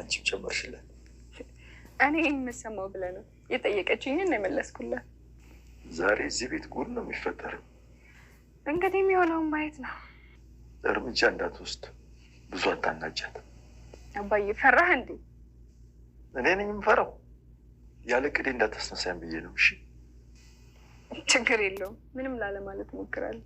አንቺም ጨመርሽለት። እኔ የምሰማው ብለህ ነው የጠየቀችኝን የመለስኩላት። ዛሬ እዚህ ቤት ጉድ ነው የሚፈጠረው። እንግዲህ የሚሆነውን ማየት ነው። እርምጃ እንዳትወስድ፣ ብዙ አታናጃት። አባዬ ፈራህ እንዴ? እኔ ነኝ የምፈራው። ያለ ቅዴ እንዳታስነሳኝ ብዬ ነው። እሺ ችግር የለውም። ምንም ላለማለት እሞክራለሁ።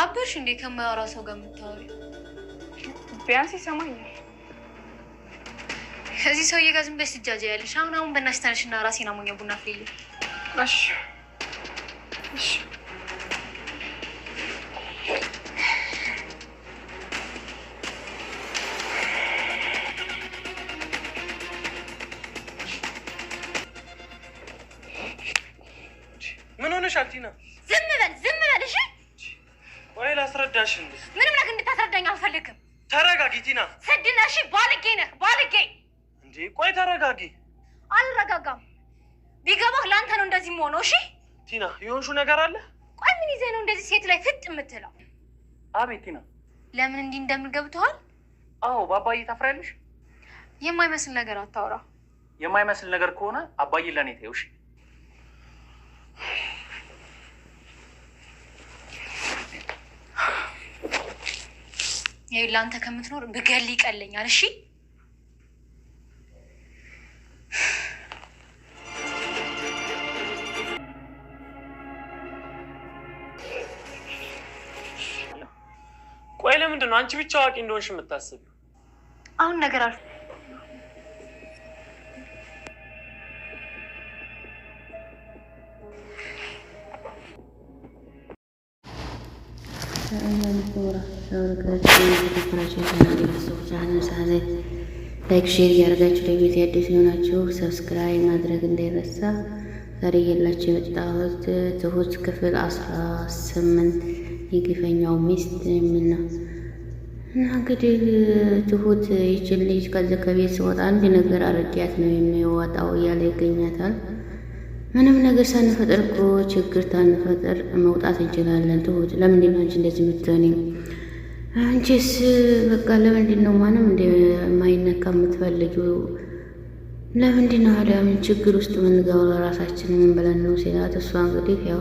አበሽ እንዴ ከማያወራ ሰው ጋር የምታወሪ? ቢያንስ ይሰማኛል። ከዚህ ሰውዬ ጋር ዝም ብለሽ ስጃጃ ያለሽ። አሁን አሁን በእናትሽ ተነሽ እና ራሴን አሞኛል። ቡና ፍልዬ። እሺ እሺ ምን ሆነሽ አልቲና? እንዴ? ምንም ነገር እንድታስረዳኝ አልፈልግም። ተረጋጊ ቲና። ስድ ነህ፣ ባልጌ ነህ፣ ባልጌ እንዴ። ቆይ ተረጋጊ። አልረጋጋም። ቢገባህ ለአንተ ነው እንደዚህ መሆነው። እሺ ቲና፣ የሆንሽው ነገር አለ። ቆይ ምን ይዘህ ነው እንደዚህ ሴት ላይ ፍጥ የምትለው? አቤት ቲና፣ ለምን እንዲህ እንደምን ገብተዋል? አዎ በአባዬ ታፍራለሽ። የማይመስል ነገር አታውራ። የማይመስል ነገር ከሆነ አባዬ ለእኔ ተይው እሺ ለአንተ ከምትኖር ብገል ይቀለኛል። እሺ ቆይ ለምንድን ነው አንቺ ብቻ አዋቂ እንደሆንሽ የምታስብ? አሁን ነገር አልፎ እኔ ሰወርጋችሁ የተከበራችሁ የቻናል ቤተሰቦች አህለን ሳህለን ላይክ ሼር እያደረጋችሁ ለቤት አዲስ የሆናችሁ ሰብስክራይብ ማድረግ እንዳይረሳ። ዛሬ የላቸው የመጣሁት ትሁት ክፍል አስራ ስምንት የግፈኛው ሚስት የሚል ነው እና እንግዲህ ትሁት ይችን ልጅ ከዚህ ከቤት ስወጣ አንድ ነገር አረጊያት ነው የሚወጣው እያለ ይገኛታል። ምንም ነገር ሳንፈጠር እኮ ችግር ሳንፈጠር መውጣት እንችላለን። ትሁት ለምንድን ነው አንቺ እንደዚህ የምትሆኚው? አንቺስ በቃ ለምንድን ነው ማንም ማይነካ የምትፈልጊው? ለምንድን ነው አዲያ ምን ችግር ውስጥ የምንገባው? ለራሳችን ምን ብለን ነው ሲላት፣ እሷ እንግዲህ ያው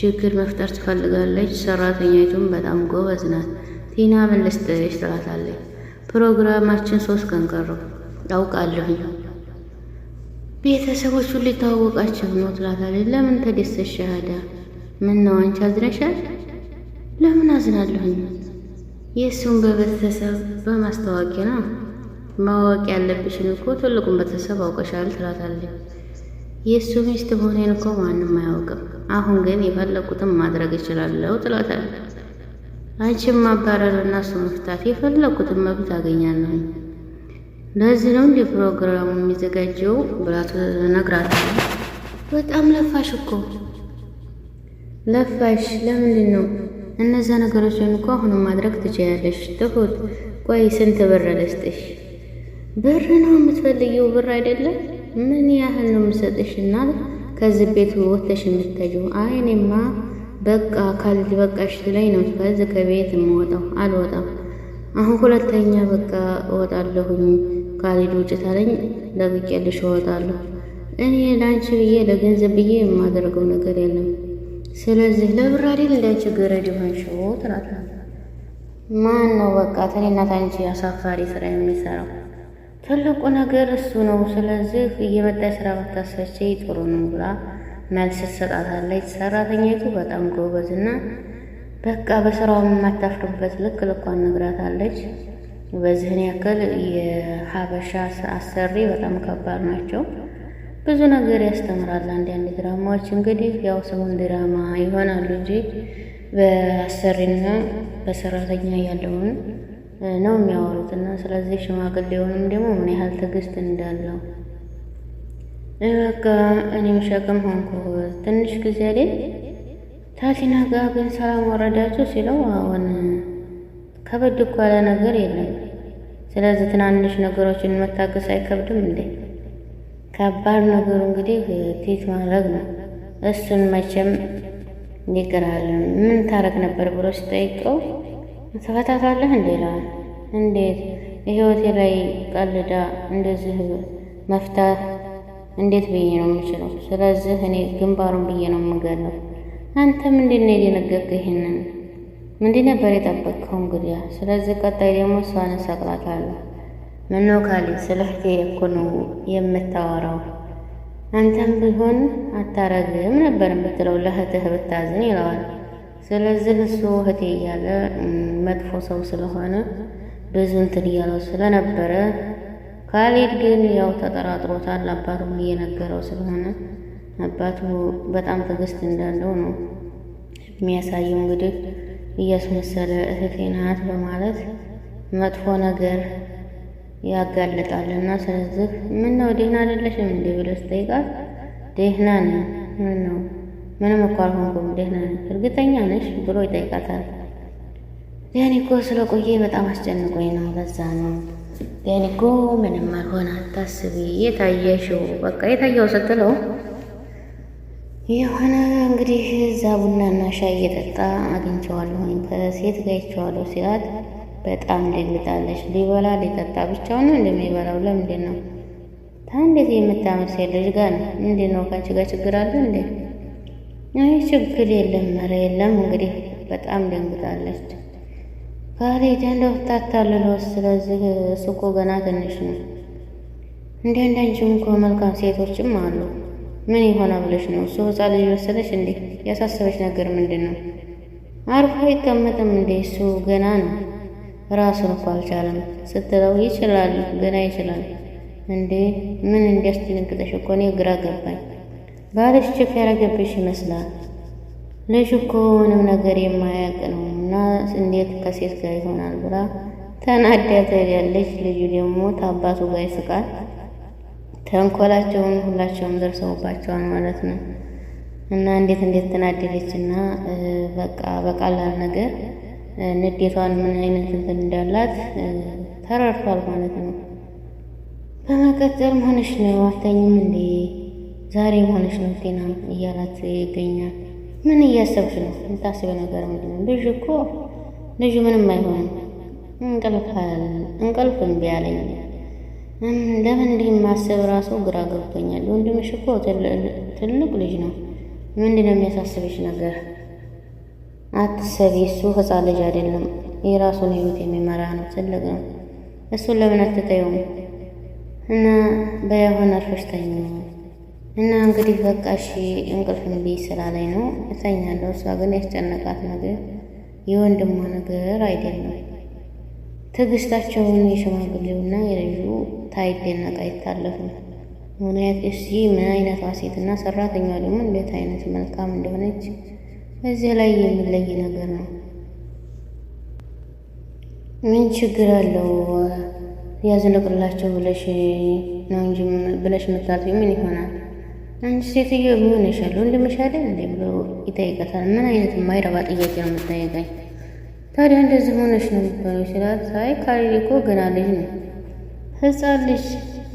ችግር መፍጠር ትፈልጋለች። ሰራተኛቱም በጣም ጎበዝ ናት። ቲና ምን ልስጥሽ ትላታለች። ፕሮግራማችን ሶስት ቀን ቀረው ቤተሰቦች ሁሉ ሊታወቃቸው ነው ትላታለች። ለምን ተደሰሽ አዲያ? ምን ነው አንቺ አዝነሻል? ለምን አዝናለሁኝ የእሱን በቤተሰብ በማስታወቂያ ነው ማወቅ ያለብሽን እኮ ትልቁን ቤተሰብ አውቀሻል ትላታለች። የእሱ ሚስት መሆኔን እኮ ማንም አያውቅም። አሁን ግን የፈለኩትን ማድረግ እችላለሁ ትላታለች። አንቺን ማባረርና እሱ መፍታት የፈለኩትን መብት አገኛለሁ። ለዚህ ነው እንዲህ ፕሮግራሙ የሚዘጋጀው ብላቱ ነግራታለች። በጣም ለፋሽ እኮ ለፋሽ፣ ለምንድን ነው እነዚያ ነገሮችን እኮ አሁንም ማድረግ ትችያለሽ። ትሁት ቆይ ስንት ብር ልስጥሽ? ብር ነው የምትፈልጊው? ብር አይደለም ምን ያህል ነው የምሰጥሽ? እና ከዚህ ቤት ወተሽ የምትተጂው? አይኔማ በቃ ካልጅ በቃሽ ላይ ነው ከዚህ ከቤት የምወጣው። አልወጣም አሁን ሁለተኛ በቃ እወጣለሁኝ ካልጅ ውጭ ታለኝ ለቅቄልሽ እወጣለሁ። እኔ ለአንቺ ብዬ ለገንዘብ ብዬ የማደርገው ነገር የለም። ስለዚህ ለብር አይደል እንዳንቺ ገረድ የሆንሽው ትላታለች። ማን ነው በቃ ተኔ እናት አንቺ አሳፋሪ ስራ የሚሰራው ትልቁ ነገር እሱ ነው። ስለዚህ እየመጣ ስራ ባታስፈች ጥሩ ነው ብላ መልስ ትሰጣታለች። ሰራተኛይቱ በጣም ጎበዝ ጎበዝና በቃ በስራው የማታፍርበት ልክ ልኳን ነግራታለች። በዚህን ያክል የሀበሻ አሰሪ በጣም ከባድ ናቸው። ብዙ ነገር ያስተምራል። አንዳንድ ድራማዎች እንግዲህ ያው ሰውን ድራማ ይሆናሉ እንጂ በአሰሪና በሰራተኛ ያለውን ነው የሚያወሩት እና ስለዚህ ሽማግሌውንም ደግሞ ምን ያህል ትዕግስት እንዳለው በቃ እኔም ሸክም ሆንኩ ትንሽ ጊዜ ላይ ታቲና ጋር ግን ሰላም ወረዳቸው ሲለው አሁን ከበድ እኮ ያለ ነገር የለም። ስለዚህ ትናንሽ ነገሮችን መታገስ አይከብድም እንዴ? ከባድ ነገሩ እንግዲህ ቴት ማድረግ ነው። እሱን መቼም ይቅራል። ምን ታረግ ነበር ብሎ ሲጠይቀው ተፈታታለህ እንዴ እንዴት የህይወቴ ላይ ቀልዳ እንደዚህ መፍታት እንዴት ብዬ ነው የምችለው? ስለዚህ እኔ ግንባሩን ብዬ ነው የምገለው። አንተ ምንድን ነው የደነገገ? ይህንን ምንድን ነበር የጠበቅከው? እንግዲያ ስለዚህ ቀጣይ ደግሞ እሷን እሰቅላታለሁ። ምነው ካሌብ ስለ እህቴ እኮ ነው የምታወራው። አንተም ቢሆን አታረግም ነበር የምትለው ለእህትህ ብታዝን ይለዋል። ስለዚህ እሱ እህቴ እያለ መጥፎ ሰው ስለሆነ ብዙ እንትን እያለው ስለነበረ ካሌብ ግን ያው ተጠራጥሮታል። አባቱም እየነገረው ስለሆነ አባቱ በጣም ትዕግስት እንዳለው ነው የሚያሳየው። እንግዲህ እያስመሰለ እህቴ ናት በማለት መጥፎ ነገር ያጋልጣልና ስለዚህ ምን ነው ደህና አይደለሽም እንዴ ብሎ ስጠይቃት ደህና ነኝ፣ ምን ነው ምንም እኮ አልሆንኩም፣ ደህና ነኝ፣ እርግጠኛ ነሽ ብሎ ይጠይቃታል። ዲያኒ እኮ ስለ በጣም አስጨንቆኝ ነው፣ በዛ ነው ዲያኒ እኮ ምንም አልሆን፣ አታስቢ፣ የታየሽው በቃ የታየው ስትለው የሆነ እንግዲህ እዛ ቡናና ሻይ እየጠጣ አግኝቼዋለሁኝ ከሴት ጋር ይቼዋለሁ ሲላት በጣም ደንግጣለች። ሊበላ ሊጠጣ ብቻው ነው እንደሚበላው ለምንድን ነው? ታንዴት የምታምር ሴት ልጅ ጋር ነው። ምንድን ነው ካንቺ ጋር ችግር አለ እንዴ? አይ ችግር የለም፣ ኧረ የለም። እንግዲህ በጣም ደንግጣለች። ካሬ እንደው ታታልለው። ስለዚህ እሱ እኮ ገና ትንሽ ነው። እንዴ እንዳንቺ እንኳ መልካም ሴቶችም አሉ። ምን ይሆና ብለሽ ነው? እሱ ሕፃን ልጅ መሰለሽ እንዴ? ያሳሰበች ነገር ምንድን ነው? አርፎ አይቀመጥም እንዴ? እሱ ገና ነው። ራሱን እኮ አልቻለም ስትለው ይችላል ገና ይችላል እንዴ ምን እንዲያስደነግጠሽ እኮ እኔ ግራ ገባኝ። ባልሽ ቼክ ያረገብሽ ይመስላል። ልጅ እኮ ምንም ነገር የማያውቅ ነው እና እንዴት ከሴት ጋር ይሆናል ብላ ተናዳ ትሄዳለች። ልጁ ደግሞ ታባቱ ጋር ይስቃል። ተንኮላቸውን ሁላቸውም ደርሰውባቸዋል ማለት ነው እና እንዴት እንዴት ተናደደች እና በቃ በቃላል ነገር ንዴቷን ምን አይነት እንትን እንዳላት ተረድቷል ማለት ነው። በመቀጠል ሆነሽ ነው አተኝም እንዴ ዛሬ ሆነሽ ነው ጤና እያላት ይገኛል። ምን እያሰብሽ ነው? የምታስበው ነገር ምንድን ነው? ልጅ እኮ ምንም አይሆንም። እንቅልፋል እንቅልፍ እምቢ አለኝ። ለምን እንዲህ ማሰብ ራሱ ግራ ገብቶኛል። ወንድምሽ እኮ ትልቅ ልጅ ነው። ምንድን ነው የሚያሳስብሽ ነገር አትሰቢ። እሱ ህፃን ልጅ አይደለም፣ የራሱን ህይወት የሚመራ ነው፣ ትልቅ ነው። እሱን ለምን አትተይውም? እና በያሁን አርፈሽ ተኝ እና እንግዲህ በቃ እሺ፣ እንቅልፍ እምቢ ስላለኝ ነው እተኛለሁ። እሷ ግን ያስጨነቃት ነገር የወንድሟ ነገር አይደለም። ትዕግስታቸውን የሽማግሌውና የልጁ ታይደነቅ አይታለፍም። ምክንያት እሺ ምን አይነቷ ሴትና ሰራተኛዋ ደግሞ እንዴት አይነት መልካም እንደሆነች እዚህ ላይ የሚለይ ነገር ነው። ምን ችግር አለው? ያዝለቅላቸው ብለሽ ነው እንጂ ብለሽ መታት ምን ይሆናል? አንቺ ሴትዮ ምን ይሻል ወንድምሽ አይደል እንዴ ብሎ ይጠይቀታል። ምን አይነት የማይረባ ጥያቄ ነው የምጠይቀኝ? ታዲያ እንደዚህ ሆነሽ ነው የምትባለው ሲላት፣ ሳይ ካሌድ እኮ ገና ልጅ ነው ህፃን ልጅ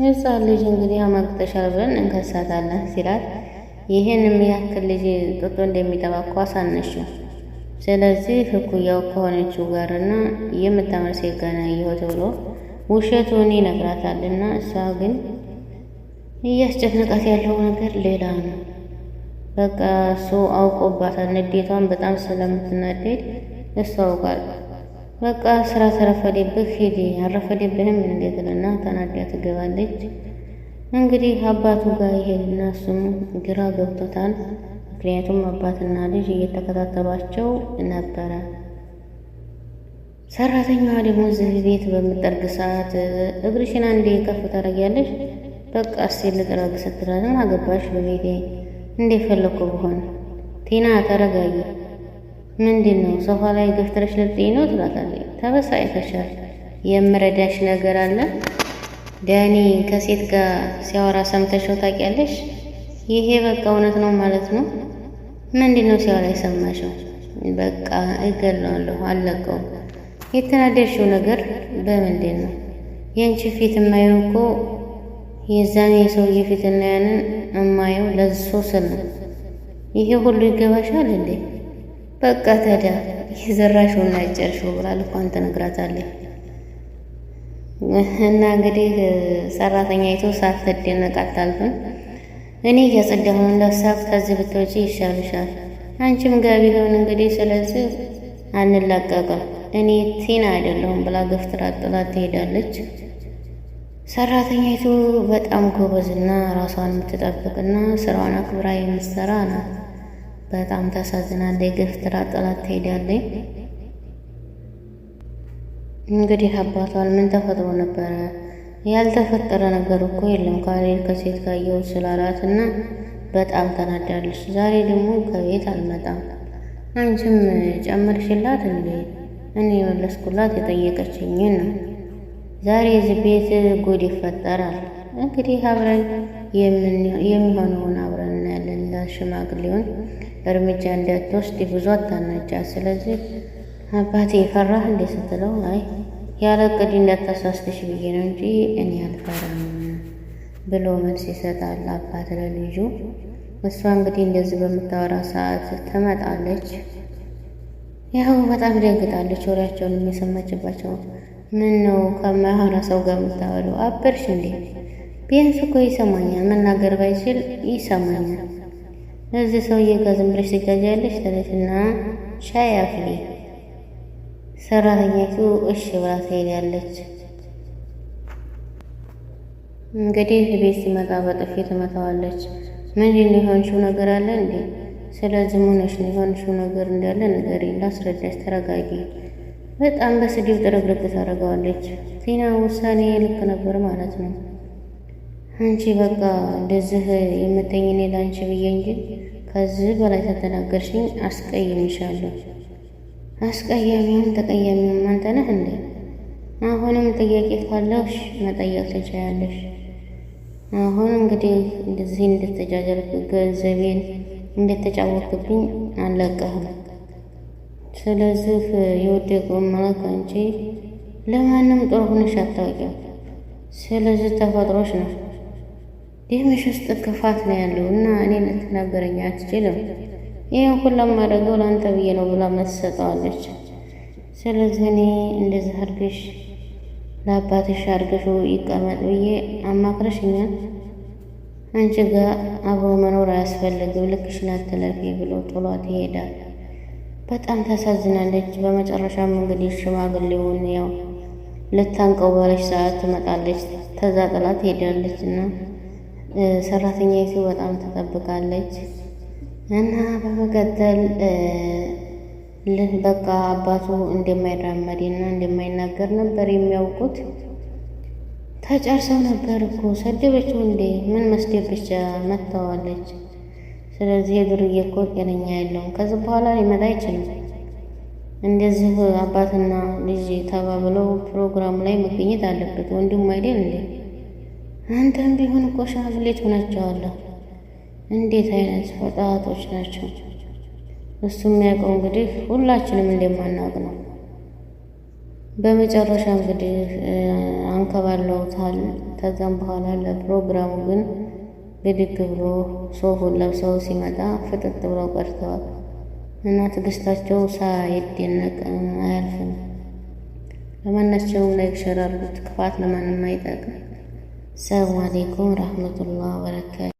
ህፃን ልጅ እንግዲህ አማግጠሻል ብለን እንከሳታለን ሲላት ይህን የሚያክል ልጅ ጡጦ እንደሚጠባ እኮ ነው። ስለዚህ እኩያው ከሆነችው ጋርና የምታምር ሴት ጋር አየሁ ተብሎ ውሸቱን ይነግራታልና እሷ ግን እያስጨነቃት ያለው ነገር ሌላ ነው። በቃ እሱ አውቆባታል። ንዴቷን በጣም ስለምትናደድ እሱ አውቃል። በቃ ስራ ተረፈደብህ ሂድ፣ አረፈደብንም እንደገለና ተናዳ ትገባለች። እንግዲህ አባቱ ጋር ይሄድና እሱም ግራ ገብቶታል። ምክንያቱም አባትና ልጅ እየተከታተሏቸው ነበረ። ሰራተኛዋ ደግሞ እዚህ ቤት በምጠርግ ሰዓት እግርሽን አንዴ ከፍ ታደርጊያለሽ፣ በቃ እስኪ ልጥረግ ስትላት አገባሽ በቤቴ እንደፈለግኩ ብሆን። ቴና ተረጋጊ፣ ምንድን ነው ሶፋ ላይ ገፍትረሽ ልጥይ ነው ትላታለች። ተበሳጭተሻል፣ የምረዳሽ ነገር አለ ዳኒ ከሴት ጋር ሲያወራ ሰምተሽው ታውቂያለሽ? ይሄ በቃ እውነት ነው ማለት ነው። ምንድን ነው ሲያወራ የሰማሽው? በቃ እገለዋለሁ፣ አለቀው የተናደድሽው ነገር በምንድን ነው? የአንቺ ፊት የማየው እኮ የዛን የሰውዬ ፊትና ያንን እማየው ለእሱ ስል ነው። ይሄ ሁሉ ይገባሻል እንዴ? በቃ ታዲያ የዘራሽውና ያጨርሽው ብላ ልኳን ትነግራታለች። እና እንግዲህ ሰራተኛይቱ ሳትደነቅ አታልፍም። እኔ እያጸዳሁ እንዳሳብ ከዚህ ብትወጪ ይሻልሻል፣ አንቺም ጋቢ ሆን እንግዲህ ስለዚህ አንላቀቅም፣ እኔ ቲና አይደለሁም ብላ ገፍትራት ጥላት ትሄዳለች። ሰራተኛይቱ በጣም ጎበዝና ራሷን የምትጠብቅና ስራዋን አክብራ የምትሰራ ናት። በጣም ታሳዝናለች። ገፍትራ ጥላት ትሄዳለች። እንግዲህ አባቷል ምን ተፈጥሮ ነበረ? ያልተፈጠረ ነገር እኮ የለም ካሌብ ከሴት ጋር እየውል ስላላት እና በጣም ተናዳለች። ዛሬ ደግሞ ከቤት አልመጣም አንቺም ጨመርሽላት እንዴ? እኔ የመለስኩላት የጠየቀችኝ ነው። ዛሬ እዚህ ቤት ጉድ ይፈጠራል። እንግዲህ አብረን የሚሆነውን አብረን እናያለን። ለሽማግሌውን እርምጃ እንዳትወስድ ብዙ አታናጫ። ስለዚህ አባቴ የፈራህ እንዴ ስትለው አይ ያለ እቅድ እንዳታሳስተሽ ብዬ ነው እንጂ እኔ አልፈራም ብሎ መልስ ይሰጣል አባት ለልጁ። እሷ እንግዲህ እንደዚህ በምታወራ ሰዓት ትመጣለች። ያው በጣም ደንግጣለች ወሬያቸውን የሚሰማችባቸው ምን ነው ከማያወራ ሰው ጋር የምታወራው አበርሽ እንዴ? ቢያንስ እኮ ይሰማኛል፣ መናገር ባይችል ይሰማኛል። እዚህ ሰውዬ ጋር ዝም ብለሽ ትጋጃለሽ ትለትና ሻይ ሰራተኛቱ እሺ ብላ ትሄዳለች። እንግዲህ ቤት ሲመጣ በጥፊ ትመታዋለች። ምንድን ነው የሆንሽው ነገር አለ እንዴ? ስለዚህ ምን ሆነሽ ነው? የሆንሽው ነገር እንዳለ ንገሪኝ፣ ላስረዳሽ፣ ተረጋጊ። በጣም በስድብ ጥርግርግ ታደርገዋለች። ቲና ውሳኔ ልክ ነበር ማለት ነው። አንቺ በቃ እንደዚህ የምትኝ እኔ ለአንቺ ብዬ እንጂ ከዚህ በላይ ተተናገርሽኝ አስቀይምሻለሁ አስቀያሚውም ተቀያሚውም አንተ ነህ እንዴ? አሁንም ጥያቄ ካለሽ መጠየቅ ትችያለሽ። አሁን እንግዲህ እንደዚህ እንደተጃጀር ገንዘቤን እንደተጫወትብኝ አለቀህም። ስለዚህ የወደቀውን መልክ አንቺ ለማንም ጥሩ ሆነሽ አታውቂም። ስለዚህ ተፈጥሮሽ ነው። ደምሽ ውስጥ ክፋት ነው ያለው እና እኔን ልትናገረኝ አትችልም። ይህን ሁላም ማድረገው ለአንተ ብዬ ነው ብላ መሰጠዋለች። ስለዚህ እኔ እንደዚህ አድርገሽ ለአባትሽ አድርገሽ ይቀመጥ ብዬ አማክረሽኛል። አንቺ ጋር አብሮ መኖር አያስፈልግም፣ ልክሽ አትለፊ ብሎ ጥሏት ይሄዳል። በጣም ታሳዝናለች። በመጨረሻም እንግዲህ ሽማግሌውን ያው ልታንቀው ባለች ሰዓት ትመጣለች። ተዛ ጥላት ትሄዳለች እና ሰራተኛይቱ በጣም ተጠብቃለች። እና በመቀጠል በቃ አባቱ እንደማይራመድ እና እንደማይናገር ነበር የሚያውቁት። ተጨርሰው ነበር እኮ ሰደበችው እንዴ? ምን መስደብ ብቻ መታዋለች። ስለዚህ የዱርዬ እኮ ጤነኛ የለውም። ከዚህ በኋላ ሊመጣ አይችልም። እንደዚህ አባትና ልጅ ተባብለው ፕሮግራሙ ላይ መገኘት አለበት። ወንድም አይደል እንዴ? አንተም ቢሆን እኮ ሻብሌት ሆናቸዋለሁ እንዴት አይነት ፈጣጦች ናቸው? እሱ የሚያውቀው እንግዲህ ሁላችንም እንደማናውቅ ነው። በመጨረሻ እንግዲህ አንከባለውታል። ከዛም በኋላ ለፕሮግራሙ ግን ብድግ ብሎ ሶፉን ለብሰው ሲመጣ ፍጥጥ ብለው ቀርተዋል እና ትዕግስታቸው ሳይደነቅ አያልፍም። ለማናቸውም ላይክ ሸር አድርጉት። ክፋት ለማንም አይጠቅም። ሰላም አለይኩም ረህመቱላህ ወበረካቱ።